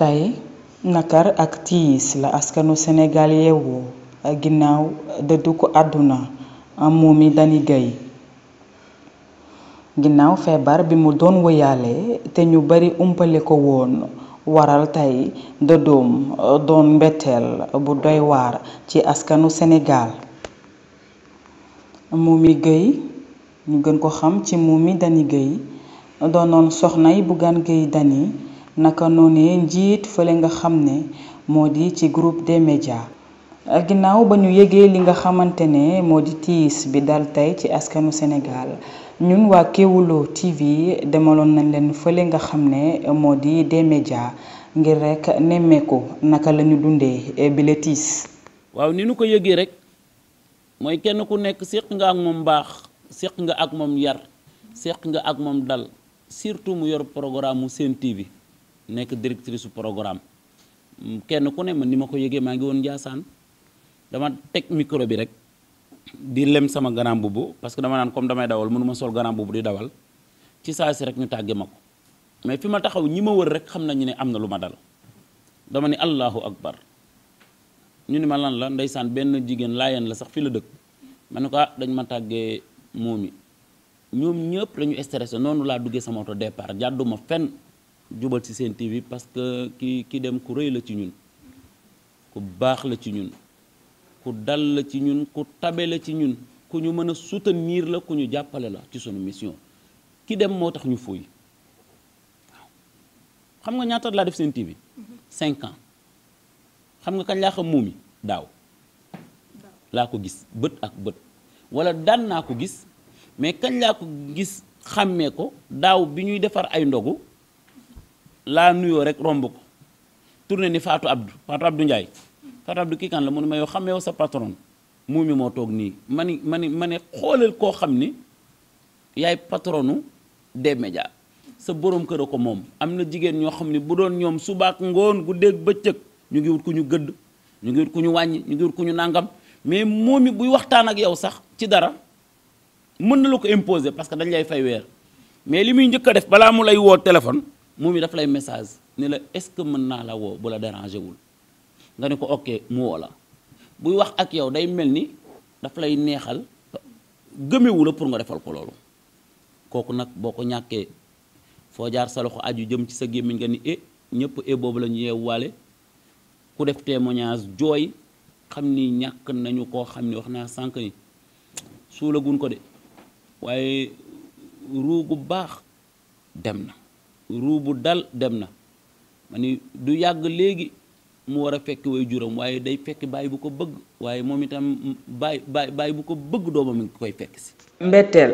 tey nakar ak tiis la askanu Sénégal yeewoo ginnaaw dëddu ko àdduna am Dani Gueye ginnaaw feebar bi mu doon wëyaale te ñu bari umpale ko woon waral tey dëddoom uh, doon mbetteel bu doy waar ci askanu Sénégal Momy Gueye ñu gën ko xam ci Momy Dani Gueye doonoon soxnay Bougane Gueye Dani naka noonee njiit fële nga xam ne moo di ci groupe des ginnaaw ba ñu yëgee li nga xamante ne moo di tiis bi dal tey ci askanu Sénégal ñun waa Kéwoulo TV demaloon nañ leen fële nga xam ne moo di des ngir rekk nemmeeku naka lañu dundee eh, bi la tiis. waaw ni nu ko yëgee rek mooy kenn ku nekk séq nga ak moom baax séq nga ak moom yar séq nga ak moom dal surtout mu yor programme mu Sen TV. nek directrice programme mm, kenn ku ne man nima ko yegge ma ngi won dama tek micro bi rek di lem sama ganam bubu parce que dama nan comme damay dawal munuma sol ganam bubu di dawal ci sa si rek ñu tagge mako mais fima taxaw ñima wër rek xamna ñu ne amna luma dal dama ni allahu akbar ñu ni ma lan la ndaysan ben jigen layen la sax fi la dekk man ko ah, dañ ma tagge momi ñom ñepp lañu stressé nonu la duggé sama auto départ jadduma fenn djubal ci sen TV parce que ki ki dem ku reuy la ci ñun ku bax la ci ñun ku dal la ci ñun ku tabe la ci ñun ku ñu mëna soutenir la ku ñu jàppale la ci sunu mission ki dem motax ñu fuy xam nga ñaata la def sen TV 5 ans xam nga kañ la xam mumi daw la ko gis beut ak beut wala daan na ko gis mais kañ la ko gis xamé ko daw bi ñuy defar ay ndogu laa nuyoo rek romb ko tourné ni Fatou Abdou Fatou Abdou Ndiaye Fatou Abdou kii kan la mu ne ma yow xamee sa patron mu moo toog nii ma ni ma ni koo xam ni yaay patronu des médias sa borom kër ko moom am na jigéen ñoo xam ne bu doon ñoom subaak ngoon gu dégg ñu ngi ku ñu gëdd ñu ku ñu wàññi ñu ku ñu nàngam mais moom mi buy waxtaan ak yow sax ci dara mën na la ko imposer parce que dañ lay fay weer mais li muy njëkk a def balaa mu lay woo téléphone moom it daf lay message ne la est-ce que mën naa la woo bu la dérangé wul nga ne ko ok mu woo la buy wax ak yow day mel ni daf lay neexal gëmewu la pour nga defal ko loolu kooku nag boo ko ñàkkee foo jaar sa loxo aju jëm ci sa gémmiñ nga ni e ñëpp e boobu la ñu yeewwaale ku def témoignage jooy xam ni ñàkk nañu koo xam ni wax naa sànq ni suulagun ko de waaye ruu gu baax dem na ruubu dal dem na ma ni du yàgg léegi mu war a fekk way juram waaye day fekk baay bu ko bëgg waaye moom itam baay bu ko bëgg doomam mi ngi koy fekk si mbetteel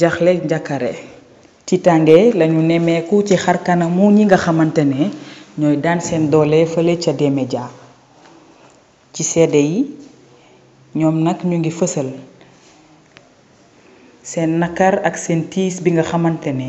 jaxle njàkkare tiitaange lañu nemmeeku ci xar kanamu ñi nga xamante ne ñooy daan seen doole fële ca D-Media ci seede yi ñoom nag ñu ngi fësal seen nakar ak seen tiis bi nga xamante ne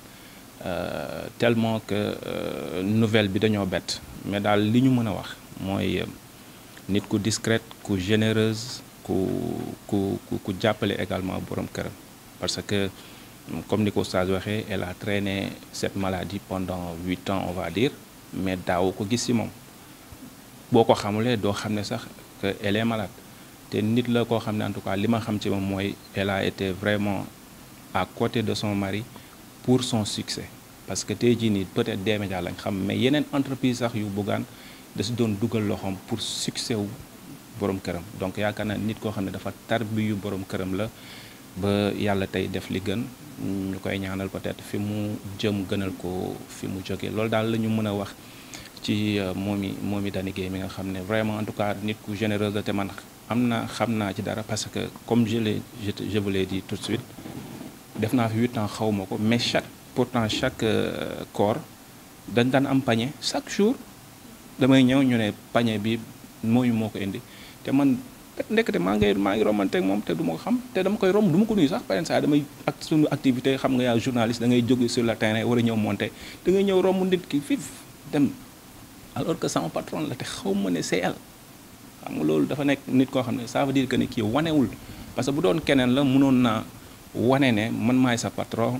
Euh, tellement que euh, nouvelle bi dañoo bett mais daal li ñu mën a wax mooy euh, nit ku discrète ku généreuse ku ku ku jàppale également borom këram parce que comme ni ko Oustaz elle a traîné cette maladie pendant huit ans on va dire mais daaw ko gis ci moom boo ko xamulee doo xam ne sax que est malade te nit la koo xam en tout cas li ma xam ci moom mooy elle a été vraiment à côté de son mari pour son succès parce que tey jii nii peut-être D-Media lañ xam mais yeneen entreprise sax yu buggaan da si doon dugal loxoom pour succès wu borom këram donc yaakaar naa nit koo xam ne dafa yu borom këram la ba yàlla tey def li gën ñu koy ñaanal peut-être fi mu jëm gënal ko fi mu jógee loolu daal la ñu mën a wax ci Momy euh, Momy Dany Guèye mi nga xam ne vraiment en tout cas nit ku généreux la te man am na xam naa ci dara parce que comme je l'ai je vous dire dit tout de suite def naa fi huit ans xaw ko mais chaque pourtant chaque euh, corps dañ daan am pañe chaque jour damay ñëw ñu ne panier bi mooyu moo ko indi te man ndekete maa ngay maa ngi romanteeg moom te du ma ko xam te dama koy romb duma ko nuyu sax par exemple damay ak suñu activité xam nga yaa journaliste da ngay jóge sur le terrain war ñëw monter ngay ñëw romb nit ki fif dem alors que sama patron la te xaw ma ne CL xam nga loolu dafa nekk nit koo xam ne ça veut dire que ne kii wanewul parce que bu doon keneen la mënoon naa wane ne man maay sa patron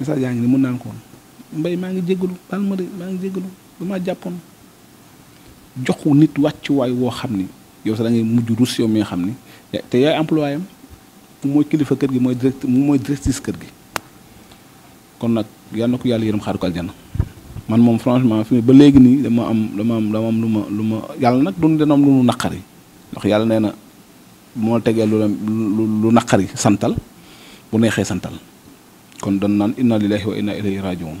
message yaa ngi ni mun mangi ko woon mbay maa ngi jégalu baal ma de maa ngi jégalu dama jàppoon joxu nit wàccuwaay woo xam ni yow sax da ngay mujj rus yow mi nga ya-, te yaay employé am mooy kilifa kër gi mooy direct mooy directrice gi kon nak yal ko yàlla yërëm xaaru ko aljana man mom franchement fi ba léegi ni dama am dama am dama am lu ma lu ma yàlla nag du dana lu nu naqari ndax lu lu santal bu santal kon doon naan inna lillahi wa inna ilayhi rajiun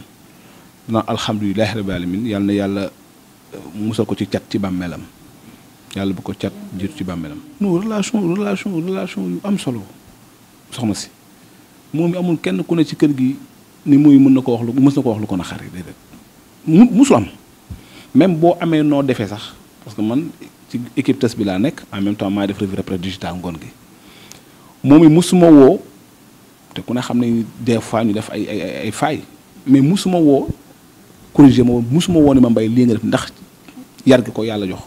naan alhamdulilahi rabbil alamin yàlla na yàlla musal ko ci cat ci bàmmeelam yàlla bu ko cat jiitu ci bàmmeelam non relation relation relation yu am solo soxna si moom mi amul kenn ku ne ci kër gi ni muy mën na ko wax lu mës na ko wax lu ko naqari déedéet mu musu am même boo amee noo defee sax parce que man ci équipe test bi laa nekk en même temps maay def revue de presse digital ngoon gi moom i musuma woo te ku ne xam ne des fois ñu def ay ay ay faay mais musuma woo corrigé ma musuma woo ne ma mbay lii def ndax yar gi ko yàlla jox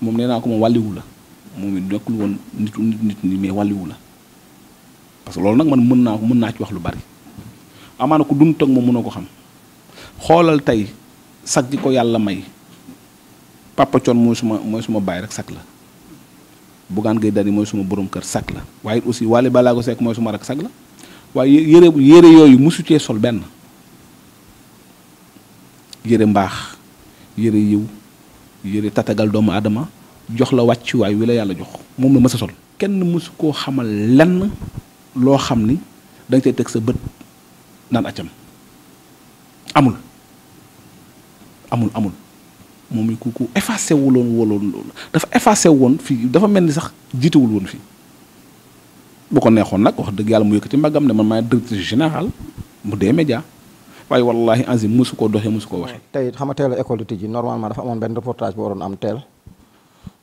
moom nee naa ko moom wàlliwu la moom it nekkul woon nit nit ni mais wàlliwu la parce que loolu nag man mën naa mën naa ci wax lu bari amaana ku dund toog moom a ko xam xoolal tey sag gi ko yàlla may papa coon mooy suma mooy suma baay rek sag la Bougane Gueye Dany mooy suma borom kër sag la waaye aussi Wally Ballago Seck mooy suma rak sag la waaye yére yére yooyu mosu cee sol benn yére mbaax yére yiw yére tatagal doomu aadama jox la wàccuwaay wi la yàlla jox moom la mës sol kenn mësu koo xamal lenn loo xam ni danga cay teg sa bët naan acam amul amul amul moom ku ku effacé wuloon woloon loolu dafa effacé woon fii dafa mel ni sax jiitewul woon fii bu ko neexoon nag wax dëgg yàlla mu yëkkati mbagam ne man ma directeur général mu dee média waaye wallahi ansi mosu koo doxee mosu koo waxee. tey xam nga teel a école di tijji normalement dafa amoon benn reportage bu waroon am teel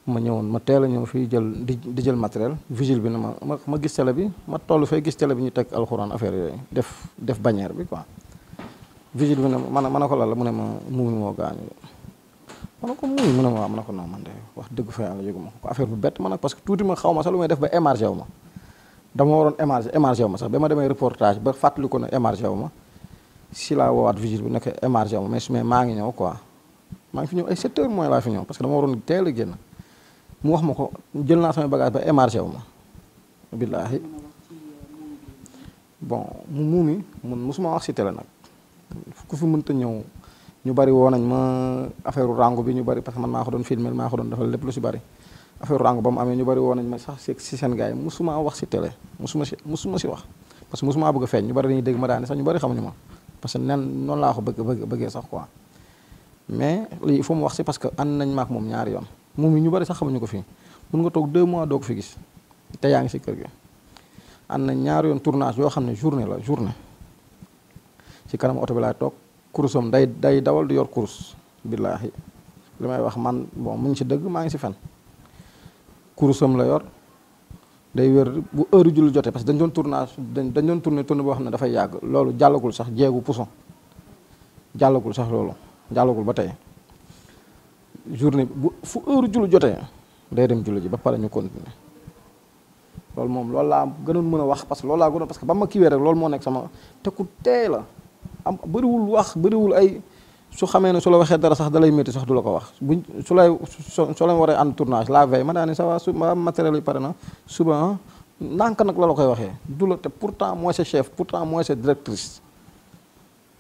ma ñëwoon ma teel a ñëw fii jël di jël matériel vigile bi na ma ma gis télé bi ma toll fee gis télé bi ñu teg alxuraan affaire yooyu def def bannière bi quoi vigile bi ne ma ma ne ko lal la mu ma muumi moo ma ne ko muy mu ne ma waaw ko non man de wax dëgg fa yàlla yëgu ma ko affaire bu bett ma nag parce que tuuti ma xaw ma sax lu may def ba émargé ma dama waroon émargé émargé ma sax ba ma demee reportage ba fàttali ko ne wu ma si laa woowaat vigile bi nekk émargé wu ma mais su ma maa ngi ñëw quoi maa ngi fi ñëw ay 7 mooy laa fi ñëw parce que dama waroon teel a génn mu wax ma ko jël naa samay bagage ba émargé wu ma billaahi bon mu muumi mun mosuma wax si télé nag ku fi mënta ñëw ñu bari wo nañ ma affaire rangu bi ñu bari parce que man mako don doon filmé maa ko doon defal lépp lu ci bari affaire rangu bam amé ñu bari wo nañ ma sax ci seen gars musuma wax ci télé musuma si musuma si wax parce que musuma bëgg a ñu bari dañuy dégg ma daani sax ñu bari xamuñu ma parce que nan non la ko bëgg bëgg bëggee sax quoi mais li il faut mu wax ci parce que an nañ maak mom ñaar yoon moom ñu bari sax xamuñu ko fi mun nga tok 2 mois dok fi gis te yaangi ci kër gi an nañ ñaar yoon tournage yo xamné journée la journée si kanam auto bi la tok kurusam day day dawal du yor kurus billaahi li may wax man bon mu ngi si dëgg maa ngi si fen kurusam la yor day wér bu heure julli jotee parce que dañ doon tournage dañ doon tourné tourné boo xam ne dafay yàgg loolu jàllagul sax jéegu pouson jàllagul sax loolu jàllagul ba tey journée bu fu heure julli jotee day dem julli ji ba pare ñu continuer loolu moom loolu laa gënoon mën a wax parce que loolu laa gënoon parce que ba ma kiiwee rek loolu moo nekk sama te la am bëriwul wax bëriwul ay su xamee ne su la waxee dara sax dalay métti sax du la ko wax buñ su lay su la waree ànd tournage la veille ma daa ne su matériel yi na suba ah, ndànk nag la la koy waxee du la te pourtant mooy sa chef pourtant mooy sa directrice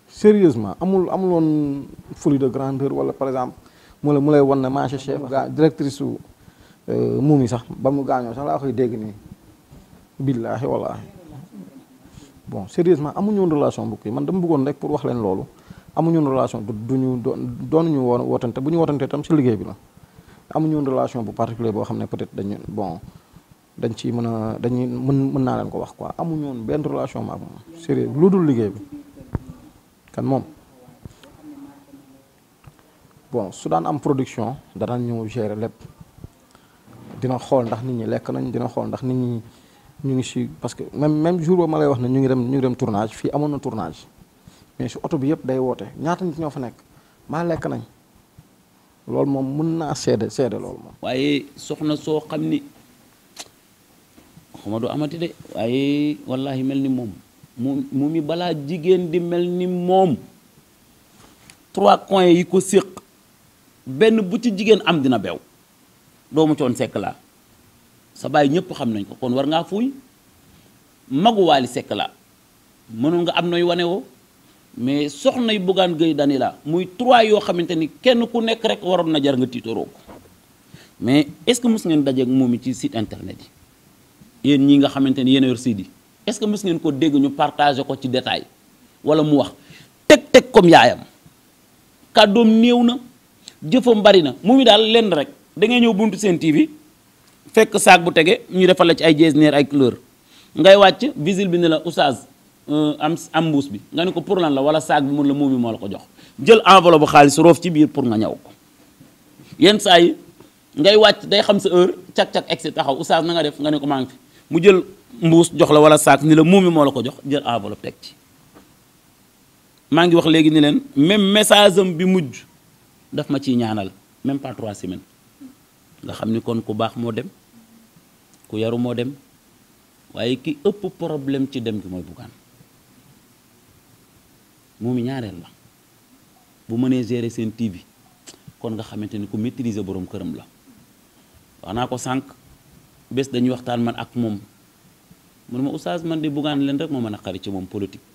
sérieusement amul amul woon folie de grandeur wala par exemple mu la mu lay wan ne maa chef gaa directrice su euh, muum yi sax ba mu gaañoo sax laa koy dégg nii billaahi walaahi bon sérieusement amuñu woon relation bu kii man dama bëggoon rek pour wax leen loolu amuñu woon relation du duñu doonuñu woon wootante bu ñu wootante tam ci liggéey bi la amuñu woon relation bu particulier boo xam ne peut-être dañu bon dañ ci mën a dañuy mën mën naa leen ko wax quoi amuñu woon benn relation ma ak moom sérieux lu dul liggéey bi kan moom bon su daan am production danaan ñëw gérer lépp dina xool ndax nit ñi lekk nañ dina xool ndax nit ñi ñu ngi si parce que même même jour ba ma lay wax ne ñu ngi dem ñu ngi dem tournage fii amoon na tournage mais si oto bi yëpp day woote ñaata ñoo fa nekk maa lekk nañ loolu moom mën naa seede seede loolu waaye soxna soo xam ni xuma du amati de waaye mel ni mu mu balaa jigéen di mel ni moom trois coins yi ko séq benn bu ci jigéen am dina beew doomu coon sekk laa. sa baay ñëpp xam nañ ko kon war ngaa fuuy magu Waly Seck la mënul nga am nooy wane woo mais soxna yu buggaan Gueye Dany la muy trois yoo xamante ni kenn ku nekk rek waroon na jar nga tiitaroo ko mais est-ce que mës ngeen dajeek moom it ci site internet yi yéen ñi nga xamante ni yéen a est-ce que mës ngeen ko dégg ñu partagé ko ci détail wala mu wax teg-teg comme yaayam kàddoom néew na jëfam bari na mu mi daal lenn rek da ngay ñëw bunt seen TV. fekk saak bu tege ñu defal la ci ay jees neer ay couleur ngay wàcc visil bi ne la oustaz euh, am am mbuus bi nga ne ko pour lan la wala saak bi la moom mi moo la ko jox jël enveloppe bu xaalis roof ci biir pour nga ñaw ko yenn saa ngay wàcc day xam sa heure cag-cag egsi taxaw oustaz na def nga ne ko maa mu jël mbuus jox la wala saak ni la moom mi moo la ko jox jël enveloppe teg ci maa ngi wax léegi ni leen même message am bi mujj daf ma ciy ñaanal même pas trois semaines nga xam ni kon ku baax moo dem ku yaru moo dem waaye ki ëpp problème ci dem gi mooy buggaan moom ñaareel la bu mënee gérer seen TV kon nga xamante ni ku maîtriser boroom këram la wax naa ko sànq bés dañuy waxtaan man ak moom mun ma oustaz man di buggaan leen rek ma mën a xari ci moom politique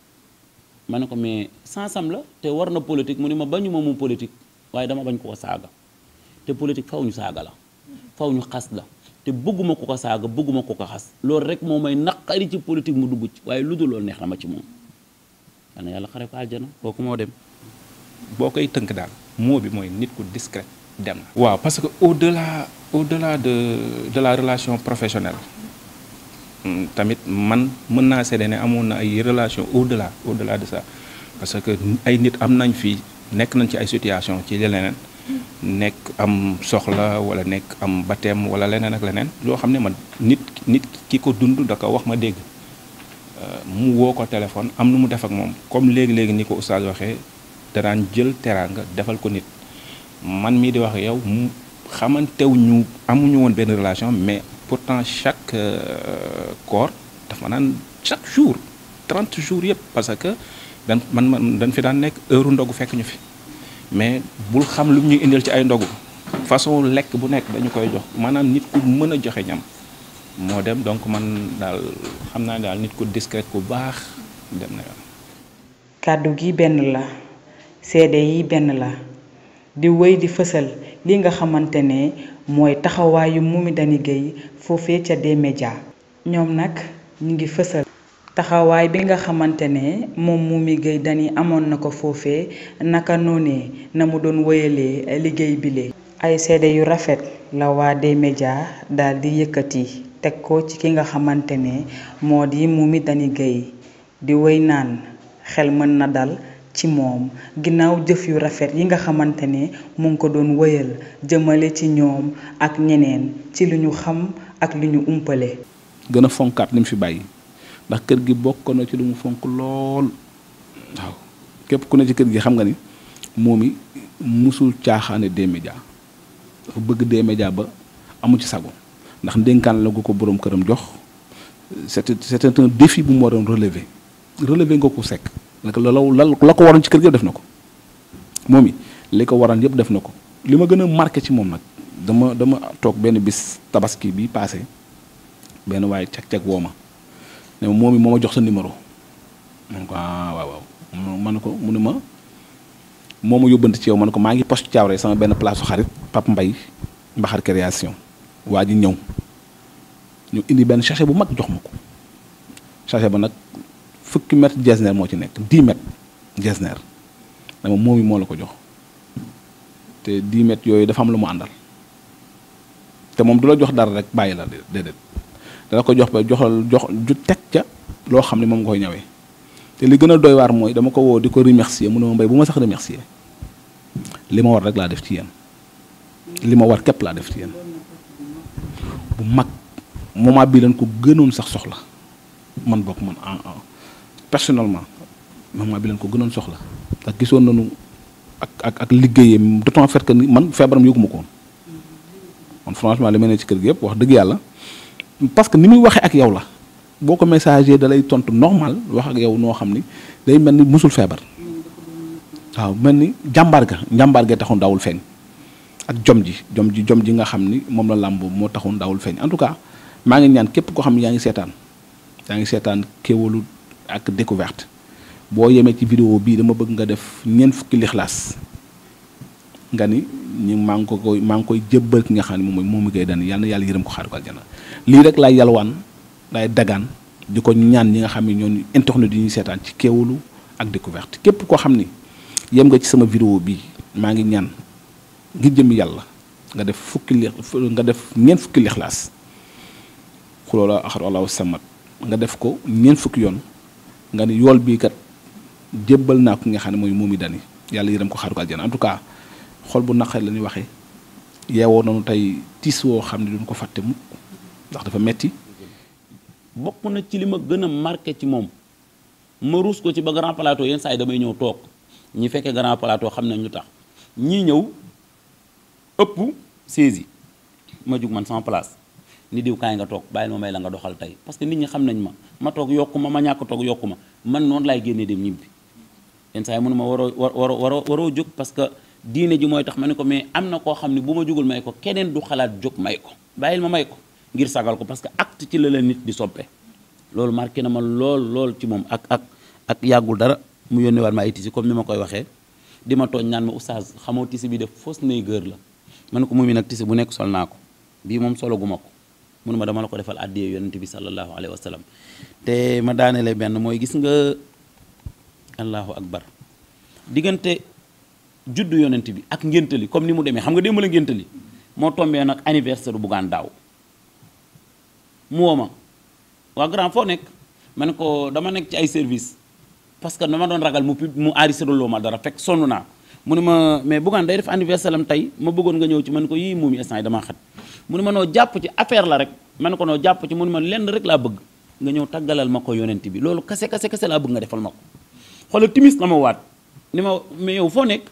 ma ne ko mais sansam la te war na politique mu ne ma bañu ma mu politique waaye dama bañ koo saaga te politique faw ñu saaga la faw ñu xas la bëgguma ko ko saaga bëgguma ko ko xas loolu rek moo may naqari ci politique mu dugg ci waaye lu dul loolu neex na ma ci moom xanaa yàlla xare ko aljana kooku moo dem boo koy tënk daal moo bi mooy nit ku discret dem waaw parce que au delà au delà de de la relation professionnelle hmm, tamit man mën naa seede ne amoon na ay relation au delà la delà de ça parce que ay nit am nañ fii nekk nañ ci ay situation ci leneen nek am soxla wala nek am batem wala lenen ak lenen lo xamne man nit nit kiko ko dund da ko wax ma deg euh, mu wo ko telephone am nu mu def ak mom comme leg leg ni ko waxe waxee jël teranga defal ko nit man mi di wax yow mu xamantew ñu amuñu won ben relation mais pourtant chaque euh, corps dafa nan chaque jour 30 jours yëpp parce que dan man man dañ fi dan nek heure ndogu fekk ñu fi mais bul xam lu mu ñuy indil ci ay ndogu façon lekk bu nekk dañu koy jox maanaam nit ku mën a joxe ñam moo dem donc man daal xam naa daal nit ku discret ku baax kàddu gi benn la seede yi benn la di wéy di fësal li nga xamante ne mooy taxawaayu Momy Dany Gueye foofee ca D-Media ñoom nag ñu ngi fësal. taxawaay bi nga xamante ne moom Momy Gueye Dany amoon na ko foofee naka noone na mu doon wéyalee liggéey bi bile. ay seede yu rafet la waa D-Media daal di yëkkati teg ko ci ki nga xamante ne moo di Momy Dany Gueye di wéy naan xel mën na dal. ci moom ginnaaw jëf yu rafet yi nga xamante ne mu ngi ko doon wëyal jëmale ci ñoom ak ñeneen ci lu ñu xam ak lu ñu umpale. gën a fonkaat mu fi bàyyi. ndax kër gi bokk na ci lu mu fonk lool waaw ku ne ci kër gi xam nga ni moom i musul caaxaane D-Média dafa bëgg D-Média ba amu ci sago ndax ndénkaan la ko ko boroom këram jox c'est c'est un défi bu mu waroon relever relever nga ko sekk nag la la ko waroon ci kër gi def na ko moom i li ko waroon yëpp def na ko li ma gën a marqué ci moom nag dama dama toog benn bis tabaski bi passé benn waaye cag-cag woo ma ne ma moom it moo ma jox sa numéro man ko ah man ko mu ne ma moo ma yóbbante ci yow man ko maa ngi poste Thiawré sama benn place su xarit Pape Mbaye Mbaxar création waa ji ñëw ñu indi benn sachet bu mag jox ma ko sachet ba nag fukki mètre jesner moo ci nekk 10 mètres jesner dama moom yi moo la ko jox te 10 mètres yooyu dafa am lu mu àndal te moom du la jox dara rek bàyyi la déedéet dana ko jox ba joxal jox ju tek ca lo xamni mom moom nga koy ñawee te li gëna doy war moy dama ko wo diko remercier mu ne ma mbay bu sax remercier lima war rek la def ci yeen lima ma war kep la def ci yeen bu mag moma bi lan ko gënoon sax soxla man bok man ah personnellement moma bi lan ko gënoon soxla ak gisoon nañu ak ak ak liggéeyam d'autant fait que man feebaram yëguma ko woon man franchement limay ne ci kër gi yëpp wax dëgg yàlla parce que ni muy waxee ak yow la boo ko messager da lay tontu normal wax ak yow noo xam ni day mel ni mosul feebar waaw mel ni jàmbaar ga njàmbaar ga taxoon daawul feeñ ak jom ji jom ji jom ji nga xam ni moom la làmb moo taxoon daawul feeñ en tout cas maa ngi ñaan képp koo xam ne yaa ngi seetaan yaa ngi seetaan Kéwoulo ak découverte boo yemee ci vidéo bii dama bëgg nga def ñeent fukki lixlaas nga ni mang ko koy mang koy jëbbal ki nga xamni mom mom koy dan yalla yalla yërem ko xaar ko aljana li rek lay yalwan lay dagan diko ñaan ñi nga xamni ñoo internet di ñu sétane ci kéwulu ak découverte képp ko xamni yem nga ci sama vidéo bi ma ngi ñaan gi jëm yalla nga def fukki nga def ñen fukki l'ikhlas khulola akhar allah samat nga def ko ñen fukki yoon nga ni yol bi kat jébbal na ko nga xamni ne mooy muumi dani yalla yërem ko xaar ko aljana en tout cas xol bu naqari la ñuy waxee yeewoo nañu tey tiis woo xam ne duñ ko fàtte mukk ndax dafa metti bokk na ci li ma gën a marqué ci moom ma ruus ko ci ba grand palaatoo yenn saa yi damay ñëw toog ñi fekkee grand palaatoo xam nañ lu tax ñii ñëw ëpp saisi ma jug man sama place ni diw kaay nga toog bàyyil ma may la nga doxal tey parce que nit ñi xam nañ ma ma toog yokku ma ma ñàkk toog yokku ma man noonu laay génnee dem ñibbi yenn saa yi mënu waroo waroo waroo diine ji mooy tax ma ne ko mais am na koo xam ne bu ma jugul may ko keneen du xalaat jóg may ko bàyyil ma may ko ngir sagal ko parce que acte ci la la nit di soppe loolu marqué na ma lool lool ci moom ak ak ak yàggul dara mu yónnee waat ma ay tisi comme ni ma koy waxee di ma tooñ naan xamoo tisi bi def fausse négueur la ma ne ko mu mi bu nekk sol naa bii moom solo gu ko mun ma dama la ko defal addiyee yonent bi sallallahu alayhi wa sallam te ma daanele benn mooy gis nga allahu akbar diggante juddu yonent bi ak ngéntali comme ni mu demee xam nga démb la ngéntali moo tombee nag anniversaire bu gaan daaw mu woo ma waa grand foo nekk ma ne ko dama nekk ci ay service parce que dama doon ragal mu mu enregistré loo ma dara fekk sonn naa mu ne ma mais Bougane day def anniversaire tey ma bëggoon ñëw ci man ko yii moom instant yi damaa xat mu ne ma noo jàpp ci affaire la rek man ko noo jàpp ci mu ne ma lend rek laa bëgg nga ñëw tàggalal ma ko yonent bi loolu kase kase kase laa bëgg nga defal ma ko xoolal timis la ma waat ni ma mais yow foo nekk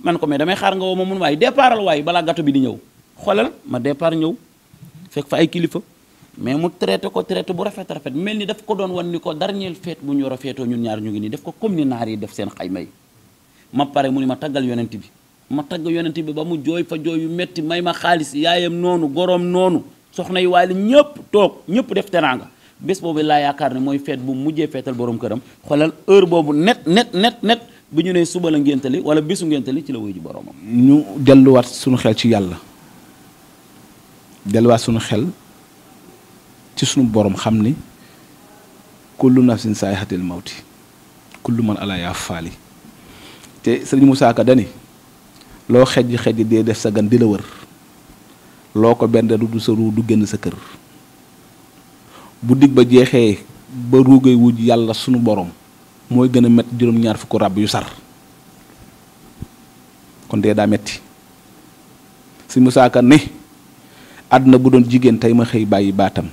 man ko mais damay xaar nga woo ma mun waaye départal waaye balaa gato bi di ñëw xoolal ma départ ñëw fekk fa ay kilifa mais mu traité ko traité bu rafet rafet mel ni daf ko doon wan ni ko dernier feet bu ñu war a ñun ñaar ñu ngi nii def ko comme ni naar yi seen xayma yi ma pare mu ni ma taggal yonent bi ma tagg yonent bi ba mu jooy fa jooy yu metti may ma xaalis yaayam noonu goroom noonu soxna yi waaye la ñëpp toog ñëpp def teraanga bés boobu laa yaakaar ne mooy feet bu mujjee feetal boroom këram xoolal heure boobu net net net net bi ñu nee suba la ngéntali wala bisu ngéntali ci la wuy ji boroomam ñu delluwaat suñu xel ci yàlla delluwaat suñu xel ci suñu borom xam ni kullu nafsin saayaxatil mawti kullu man ala yaa faali te sëriñ Moussa Ka dani loo xejj xejj dee def sa gan di la wër loo ko benn du sa ruu du génn sa kër bu dig ba jeexee ba ruugay wuj yàlla sunu borom mooy gën a métti juróom-ñaar fukk ràbb yu sar kon dee daa metti si Musaa Ka ne àdduna bu doon jigéen tey ma xëy bàyyi baatam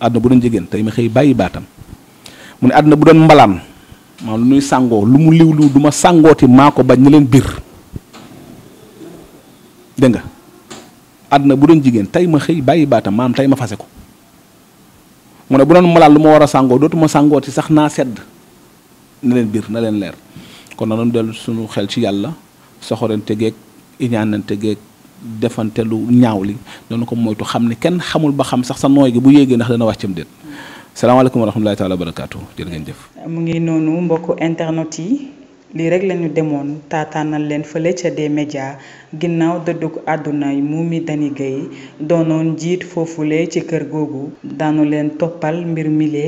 àdduna bu doon jigéen tey ma xëy bàyyi baatam mu ne àdduna bu doon mbalaan maam lu nuy sàngoo lu mu liw liw du ma sàngooti maa ko bañ na leen biir dégg nga àdduna bu doon jigéen tey ma xëy bàyyi baatam maanaam tey ma fase ko mu ne bu doon malaat lu ma war a sàngoo dootuma sàngooti sax naa sedd na leen biir na leen leer kon na doon dellu suñu xel ci yàlla soxorante geeg iñaanante geeg defante lu ñaaw li doon ko moytu xam ne kenn xamul ba xam sax sa nooy bu yéegee ndax dana wàccam déet salaamaaleykum wa rahmatulahi taala wa barakaatu jërë ngeen jëf. mu ngi noonu mbokku internet yi. lii rekk lañu demoon taataanal leen fële ca D-Media ginnaaw dëddug àdduna Momy Dani Gueye doonoon njiit foofule ci kër googu daanu leen toppal mbir mile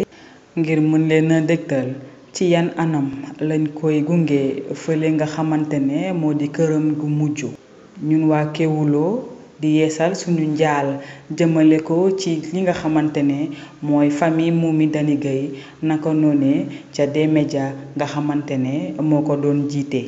ngir mën leen a dégtal ci yan anam lañ koy gunge fële nga xamante ne moo di këram gu mujj ñun waa kewuloo di yeesal suñu njaal jëmale ko ci li nga xamante ne mooy famille mi Dany Gueye naka noonee ca D-Media nga xamante ne moo ko doon jiite.